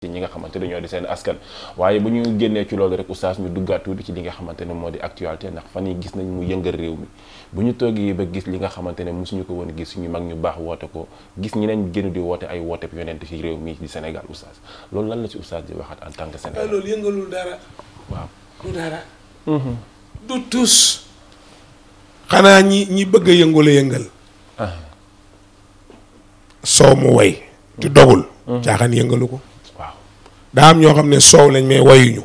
ci ñi nga xamante ne ñoo di seen askan waaye bu ñu génnee ci loolu rek oustaz ñu duggaat tuuti ci li nga xamante ne moo di actualité ndax fan yi gis nañ mu yëngal réew mi bu ñu toogee ba gis li nga xamante ne suñu ko woon gis suñu mag ñu baax woote ko gis ñeneen génn di woote ay woote bi yonent ci réew mi di Sénégal oustaz loolu lan la ci oustaz di waxaat en tant que Sénégal loolu waaw du dara mm-hmm. xanaa ñi ñi bëgg a yëngu la yëngal ah. soo mu way ci dogul mm-hmm. yëngalu ko daa am ñoo xam ne soow lañ mais wayuñu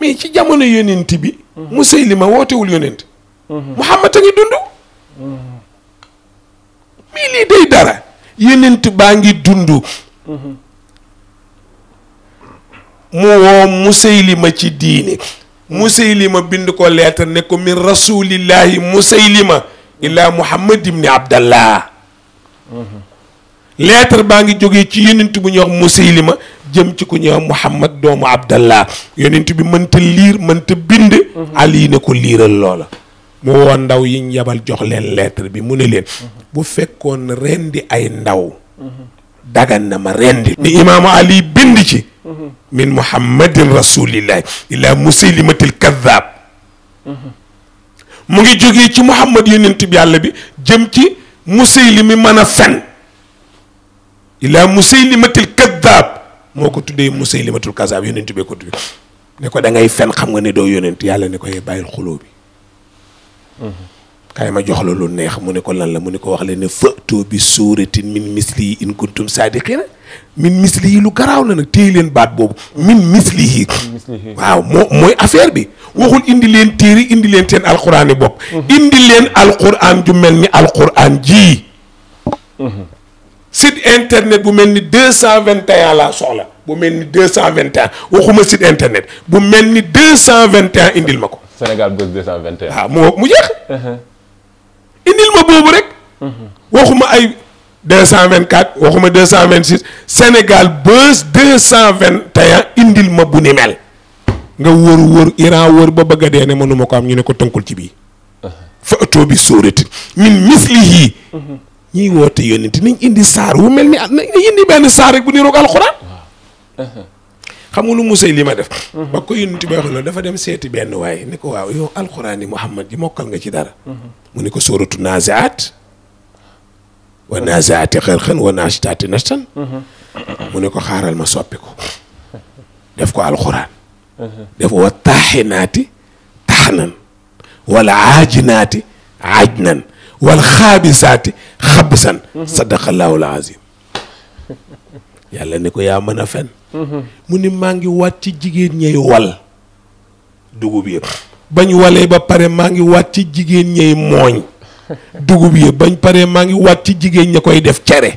mais ci jamono yonent bi mm-hmm. Musaylima wootewul yonent mm-hmm. Muhammad a ngi dund mm-hmm. mais lii day dara baa ngi dund mu woo Musaylima ci diini ma bind ko leetar ne ko min rasulillahi Musaylima ila Muhammad ibni Abdallah lettre baa ngi jógee ci yonent bu ñuy wax Musaylima jëm ci ku ñuy wax Muhammad doomu Abdallah yonent bi mënta liir mënta bind mhm. Ali ne ko liiral loola mu woo ndaw yi yabal jox leen lettre bi mu ne leen mhm. bu fekkoon rendi ay ndaw mhm. dagan na ma rendi ni imaamu Ali bind ci min muhammadin rasulillahi ila musaylimatil kaddaab mu ngi jógee ci muhammad yonent bi yàlla bi jëm ci musaylimi mën a fen ilaa musaylimatil kaddaab moo ko tuddee musaylimatul kazaab yonent bee ko tuddee ne ko da ngay fen xam nga ne doo yonent yàlla ne ko yee eh, bàyyil xuloo bi kaay ma jox la lu neex mu ne ko lan la mu ne ko wax leen ne fëtoo bi suuratin min misli in kuntum saadiqina min misli yi lu garaaw na nag téye leen baat boobu min misli yi waaw moo mooy affaire bi waxul indi leen téere indi leen seen alquran yi bopp mhm. indi leen alquran ju mel ni alquran ji mhm. site internet bu mel ni deux cent vingt et un laa soxla bu mel ni deux cent vingt et un waxuma site internet bu mel ni deux cent vingt et indil ma ko. Sénégal Buzz deux cent vingt et ah, moo mu jeex. Uh-huh. indil ma boobu rek. Uh-huh. ay deux cent vingt quatre waxuma deux cent vingt six Sénégal Buzz deux cent vingt et indil ma bu ni mel. nga wër wër Iran wër ba bëgg a dee ne mënuma ko am ñu ne ko tënkul ci bii. Uh-huh. fa ëttoo bi sóoratin min mislihi ñiy woote yónent nañ indi saar wu mel ni at nañ indi benn saar rek bu niroog alxuraan. xam nga lu musay li ma def. ba ko yónent ba wax loolu dafa dem seeti benn waaye ni ko waaw yow alxuraan yi Muhammad ji mokkal nga ci dara. mu ko sóoratu naazaat. wa naazaati xarxan nastan. mu ne ko xaaral ma soppi ko. def ko alxuraan. def wa taaxinaati taxnan. wala aajinaati aajnan. wal xaabisaati. xabisan sadaqallaahu al yàlla ne ko yaa mën a fen mu ni maa ngi waat ci jigéen ñey wal dugub yëpp bañ ba pare maa ngi waat ci jigéen ñey mooñ dugub yëpp bañ pare maa ngi wat ci jigéen ña koy def cere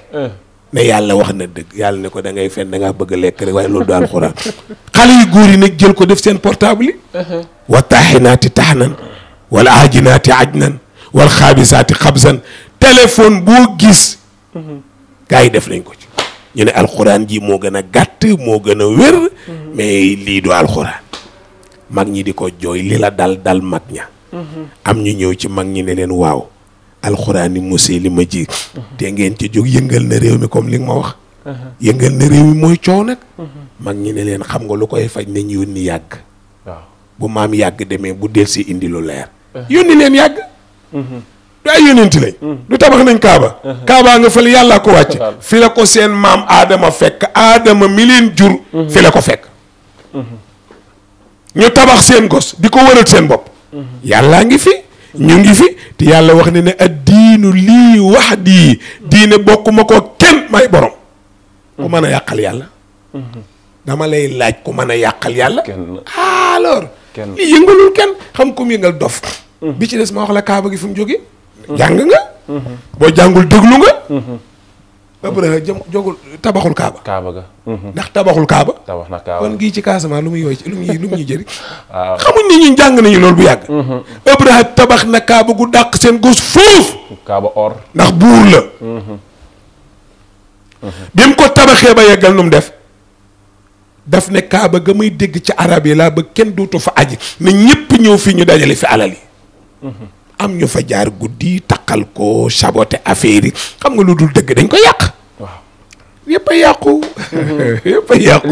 ne yàlla wax na dëgg yàlla ne ko da ngay fen da ngaa bëgg a lekk rek waaye loolu du alxuraan xale yu góor yi nag jël ko def seen portable yi wa taaxinaati taxnan wal aajinaati ajnan wal xaabisaati xabsan téléphone boo gis mhm. gars yi def nañ ko ci ñu ne alxuraan ji moo gën a gàtt moo gën a wér mhm. mais lii du alxuraan mag ñi di ko jooy li la dal dal mag ña mhm. am ñu ñëw ci mag ñi ne leen waaw alxuraan yi monsieur li ma ji te ngeen ci jóg yëngal na réew mi comme li nga ma wax yëngal na réew mi mooy coow nag mag ñi ne leen xam nga lu koy faj nañ yónni yàgg waaw bu maam yàgg demee bu del si indi lu leer eh. yónni leen yàgg du ay yonent lañ du mm. tabax nañ kaaba uh-huh. kaabaa nga fële yàllaa ko wàcc fi la ko seen maam aadama fekk aadama mi leen jur mm-hmm. fi la ko fekk mm-hmm. ñu tabax seen gos di ko wëral seen bopp mm-hmm. yàllaa ngi fi ñu ngi fi te yàlla wax ne ne ad diinu lii wax dii diine bokkuma ko kenn may borom ku mën a yàqal yàlla dama lay laaj ku mën a yàqal yàlla ah, alors li yëngalul kenn xam ku yëngal dof bi ci des ma wax la kaaba gi fu mu jógee jàng nga. boo jàngul déglu nga. jëm jogul tabaxul Kaaba. Kaaba ga. ndax tabaxul Kaaba. tabax na Kaaba kon gii ci kaasamaa lu muy yooyu ci lu muy jëriñ. waaw ah. xamuñ ni ñun jàng nañu loolu bu yàgg. tabax na Kaaba gu dàq seen gos foofu. ndax buur la. bi ko tabaxee ba yeggal nu mu def. daf ne Kaaba ga may dégg ci arab yi laa ba kenn dootu fa aj na ñëpp ñëw fii ñu dajale fi alal yi. am ñu fa jaar guddi takkal ko saboté affaire xam nga lu dul dëgg dañ ko yàq. waaw a yàqu. yëpp a yàqu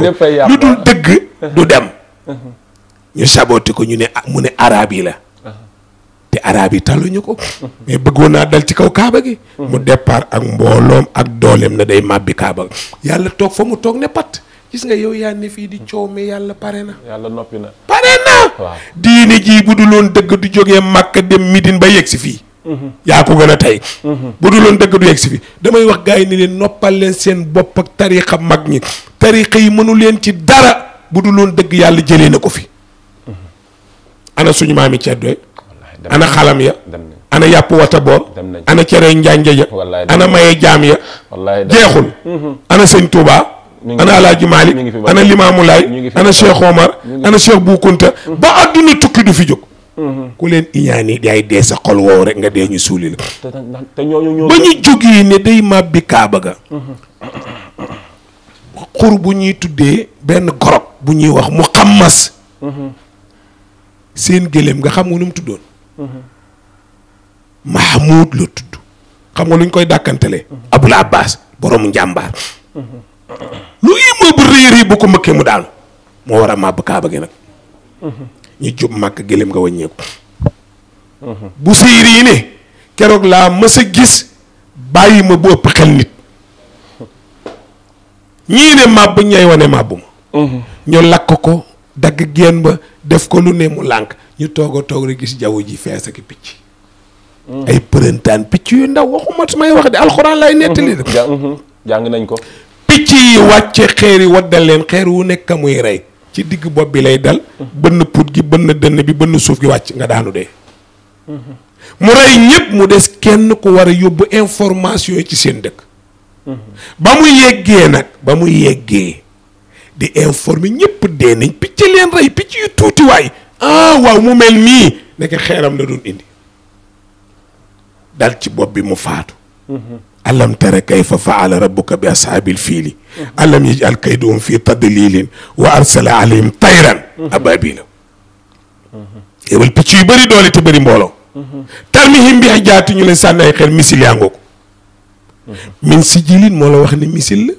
lu dul dëgg du dem. Uh-huh. ñu saboté ko ñu ne ah, mu ne arab yi la. Uh-huh. te arab yi taluñu ko. mais bëggoon naa dal ci kaw kaaba gi. Uh-huh. mu départ ak mbooloom ak dooleem na day màbbi kaaba yàlla toog fa mu toog ne pat. gis nga yow yaa ne fii di coow mais yàlla pare na. yàlla noppi na pare na. waaw jii bu du loon dëgg du jógee màkk dem midin bay yegg si fii. Mhm. yaa ko gën a tey. Mhm. bu du loon dëgg du yegg si fii damay wax gars yi ni leen noppal leen seen bopp ak tariixa mag ñi tariixa yi mënu leen ci dara bu du loon dëgg yàlla jëlee na ko fi. Mhm. ana suñu maami ceddoy ana xalam ya ana yàpp wata boor ana cere njanjaja ana maye jaam ya jeexul ana sëñ Tuubaa ana alaaji Malick ana Limaamu Laay ana Cheikh Omar ana Cheikh Bou Kounta mm-hmm. ba àdduna tukki du fi jóg mm-hmm. ku leen iñaani yaay dee sa xol woow rek nga dee ñu suuli la ba ñu jóg yi ne day màbbi kaaba ga mm-hmm. xur bu ñuy tuddee benn gorob bu ñuy wax mu xammas seen gëléem nga xam nga nu mu tuddoon Mahmoud la tudd xam nga lu ñu koy dàkkantalee Abul Abbas borom njàmbaar lu immeuble rëy rëy bu ko mëkkee mu daanu moo war a màbb kaaba gi nag ñu jub màkk gëléem nga wàññeeku bu séeri yi ne keroog laa mës a gis bàyyi ma bu ëpp xel nit ñii ne màbb ñay wane màbb ma ñu lakk ko dagg génn ba def ko lu ne mu lànk ñu toog a toog rek gis jaww ji fees ak picc mm-hmm. ay përëntaan picc yu ndaw waxuma su may wax de alxuraan lay nettali de mm-hmm. jàng nañ ko picc yi wàcce xeer yi waddal xeer wu nekk muy rey ci digg bopp bi lay dal bënn put gi bënn dënn bi bënn suuf gi wàcc nga daanu dee mu rey ñëpp mu des kenn ku war a yóbbu information yi ci seen dëkk ba mu yeggee nag ba mu yeggee di informer ñëpp dee nañ picc leen rey picc yu tuuti waay ah waaw mu mel nii nekk xeeram la doon indi dal ci bopp bi mu faatu mm-hmm. alam tara kayfa faala rabbuka bi ashaabil fiili alam yaj'al kaydahum fi tadlilin wa arsala alayhim tayran ababila yebal picc yu bëri doole te bëri mbooloo tarmihim bi hijaati ñu leen sànni ay misil yaa ngoo min sijilin moo la wax ne misil la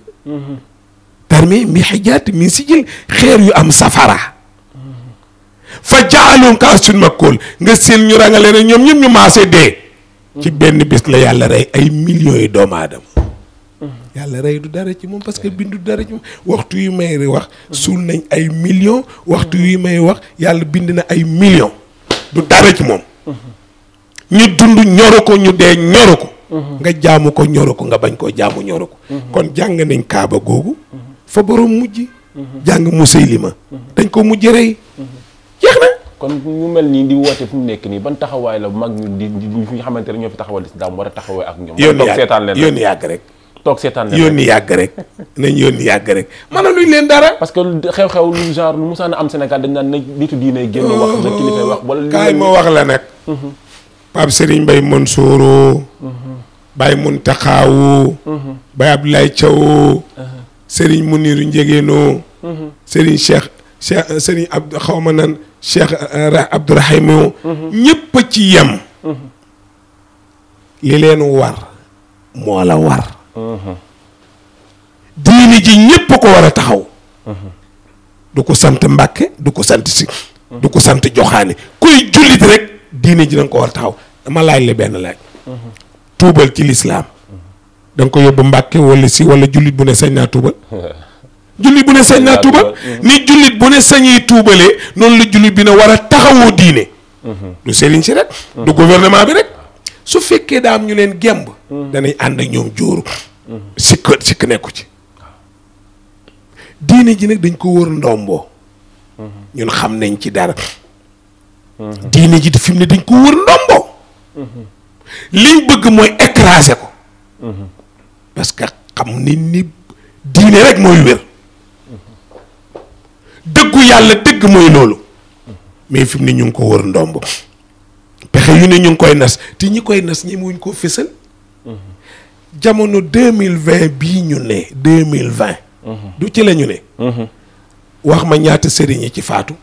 tarmihim bi hijaati min sijil xeer yu am safara fa jaalum ka asun makkool nga seen ñu rangale ne ñoom ñëpp ñu maase dee ci benn bis la yàlla rey ay millions yi doomu aadama yàlla rey du dara ci moom parce que bindu dara ci moom waxtu yu may wax suul nañ ay millions waxtu yu may wax yàlla bind na ay millions du dara ci moom ñu dund ñoru ko ñu dee ñoru ko nga jaamu ko ñoru ko nga bañ koo jaamu ñoru ko kon jàng nañ kaaba googu fa borom mujj jàng musaylima dañ ko mujj rey kon ñu mel nii di woote fu mu nekk nii ban taxawaay la mag ñu di di nga xamante ne ñoo fi taxawal lislaam war a taxawaay ak ñoom. yoon toog seetaan leen yoon yàgg rek. toog yoon yàgg rek nañ a yàgg rek maanaam luñ leen dara. parce que xew-xew lu genre lu musaan am Sénégal dañ naan na nitu diine génn wax na oh, kilifa wax. wala kaay ma wax la nag. Mm-hmm. Pape Serigne Mbaye Mansour. Mm-hmm. Baye Muntaxaawu. Mm-hmm. Baye Abdoulaye Thiaw. Uh-huh. Serigne Muniru Njegéenoo. Serigne Cheikh. cheikh euh, sëriñ Abdou xaw ma nan cheikh euh, euh, Abdourahim mhm. ñëpp ci yem. Mhm. li leen war moo la war. Mhm. diini ji ñëpp ko war a taxaw. du ko sant Mbàkke du ko sant si. du ko sant joxaani kuy jullit rek diini ji da ko war a taxaw dama laaj la benn laaj. tuubal ci lislaam da ko yóbbu Mbàkke wala si walla jullit bu ne sañ naa tuubal. jullit bu ne sañ naa tuubal ni jullit bu ne sañuy tuubalee noonu la jullit bi na war a taxawoo diine mm-hmm. du sëriñ si rek du mm-hmm. gouvernement bi rek su fekkee daa am ñu leen gemb mm-hmm. danay ànd ak ñoom jóoru sikk sikk nekku ci diine ji nag dañ ko wër ndombo xam nañ ci dara diine ji fi mu ne dañ ko wër ndombo liñ bëgg mooy écraser ko parce xam nañ ni diine rek mooy wér dëggu yàlla dëgg mooy loolu mais fi mu ñu ngi ko wër ndomb pexe yu ne ñu ngi koy nas te ñi koy nas ñi wuñ ko fësal jamono deux mille vingt bii ñu ne deux mille vingt du ci la ñu ne wax ma ñaata sëriñ yi ci faatu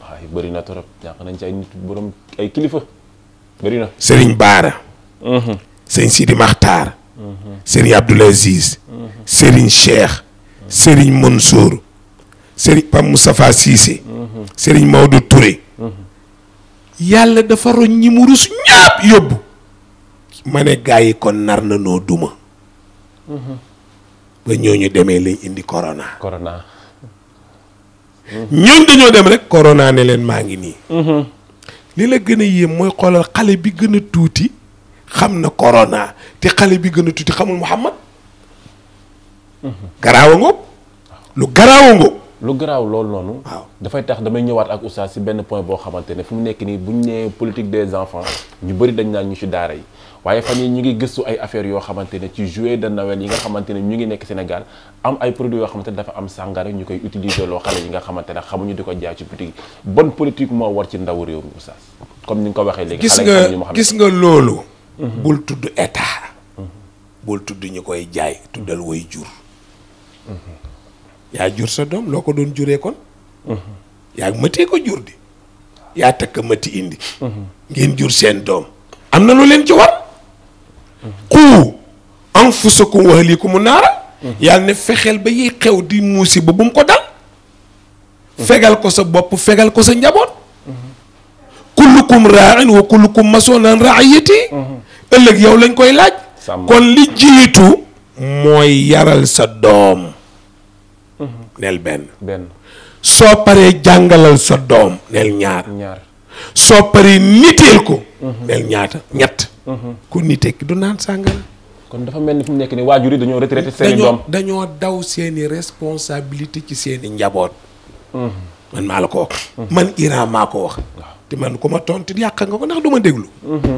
waaw na trop ñàkk nañ ci ay nit borom ay kilifa bëri na sëriñ Baara mhm. sëriñ Sidi Maxtaar mhm. sëriñ Abdoul Aziz mhm. sëriñ Cheikh sëriñ Mansour Serigne Pam Moustapha Cissé. Serigne Maodo Touré. yàlla dafa roñ ñi mu rus ñaap yóbbu. ma ne gars yi kon nar na noo duma. ba ñooñu demee lañ indi korona corona. ñoom dañoo dem rek. corona ne leen maa ngi nii. li la gën a yéem mooy xoolal xale bi gën a tuuti xam na corona te xale bi gën a tuuti xamul Muhammad. garaawa lu garaawa lu garaaw loolu noonu. waaw dafay tax damay ñëwaat ak oustaz si benn point boo xamante ne fu mu nekk nii bu ñu nee politique des enfants ñu bëri dañ naan ñu si daara yi waaye fan yi ñu ngi gëstu ay affaires yoo xamante ne ci jouet de Noël yi nga xamante ne ñu ngi nekk Sénégal am ay produits yoo xamante ne dafa am sàngara ñu koy utiliser loo xale yi nga xamante ne xamuñu di ko jaay ci boutique bonne politique moo war ci ndaw réew mi oustaz comme ni nga ko waxee léegi. gis nga gis nga loolu. Mhm. bul tudd état. Mhm. tudd ñu koy jaay tuddal mhm. way jur yaa jur sa doom loo ko doon juree kon mm-hmm. yaa mëtee ko jur di yaa takk mëti indi mm-hmm. ngeen jur seen doom am na lu leen ci war xuu mm-hmm. anfusakum wa ahliikum naara yàlla ne fexeel ba yiy xew di musiba bu mu ko dal fegal ko sa bopp fegal ko sa njaboot kullukum raain wa kullukum masoon an raayati ëllëg yow lañ koy laaj kon li jiitu mooy yaral sa doom neel benn benn soo paree jàngalal sa doom neel ñaar ñaar soo paree niteel ko mhm. neel ñaata ñett mhm. ku nitee ki du naan sàngara kon dafa mel ni fi nekk nii waajur yi dañoo retraité seeni doom dañoo daw seeni responsabilité ci seeni njaboot mhm. man maa la ko wax man Iran maa ko wax te man ku ma tontu yàq nga ko ndax du ma déglu.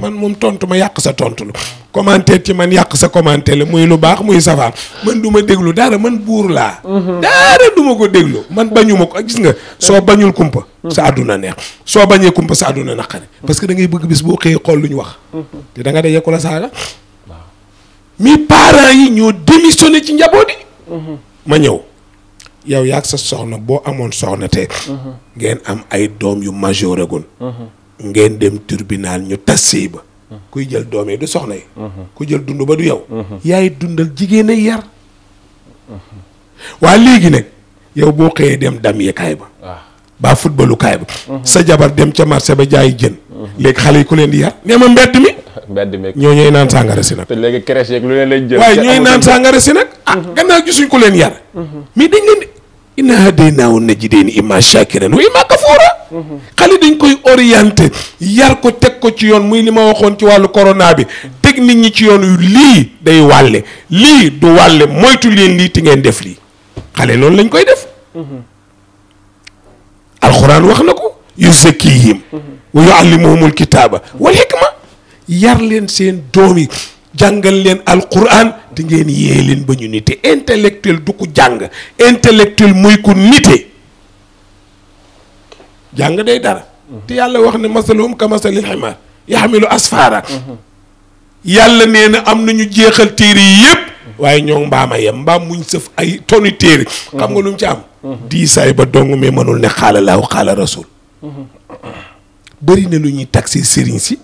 man moom tontu ma yàq sa tontu la. commentaire ci man yàq sa commentaire la muy lu baax muy safaan man du ma déglu dara man buur laa. Mhm. dara du ma ko déglu man bañu ma ko gis nga soo bañul kumpa. sa mhm. àdduna neex soo bañee kumpa sa àdduna naqari. Mhm. parce que da ngay bëgg bis boo xëyee xool lu ñu wax. te da nga dajee ko la saaga. mi parents yi ñoo démissionné ci njaboot yi. ma ñëw. yow yaag sa soxna boo amoon soxna te mhm. ngeen am ay doom yu majoré gun mhm. ngeen dem tribunal ñu tas sëy ba mhm. kuy jël doom yi du soxna yi ku jël dund ba du yow yaay dundal jigéen yar waa léegi nag yow boo xëyee dem dam yekaay ba ah. baa footballu kaay ba sa jabar dem ca marché ba jaay jën léegi xale yi ku leen di yar nee ma mbedd mi mbedd ñoo ñooy naan sàngara si nag te waaye ñooy naan sàngara si nag ah gannaaw gisuñ ku leen yar mais dañ leen inna hadaynaahu najdayn imma shakiran wa imma kafura xale dañ koy orienté yar ko teg ko ci yoon muy li ma waxoon ci wàllu corona bi teg nit ñi ci yoon lii day wàlle lii du wàlle moytu leen lii ti ngeen def lii xale loolu lañ koy def alxuraan wax na ko yuzakkihim wa yuallimuhumul kitaaba wal hikma yar leen seen doom yi jàngal leen alquran te ngeen yee leen ba ñu nite intellectuel du ko jàng intellectuel muy ku nite jàng day dara te yàlla wax ne masaluhum ka masalil ximaar yaxmilu asfaara yàlla nee na am nañu jeexal téere yi yépp waaye ñoo mbaama yem mbaam muñ sëf ay toni téere xam nga lu mu ci am diisaay ba dong mais mënul ne xaalalaaw xaala rasul mm-hmm. bëri na lu ñuy taxé sëriñ si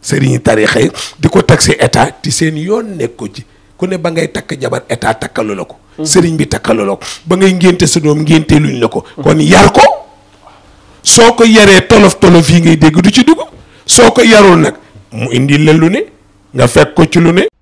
sëriñi tarixa yi di ko taxe état ti seen yoon nekk ko ci ku ne ba ngay takk jabar état takkalu la ko mm-hmm. sëriñ bi takkalu la ko ba ngay ngénte sa doom ngénte luñ la ko kon yar ko soo ko yaree tolof tolof yi ngay dégg du ci dugg soo ko yarul nag mu indi len lu ne nga fekk ko ci lu ne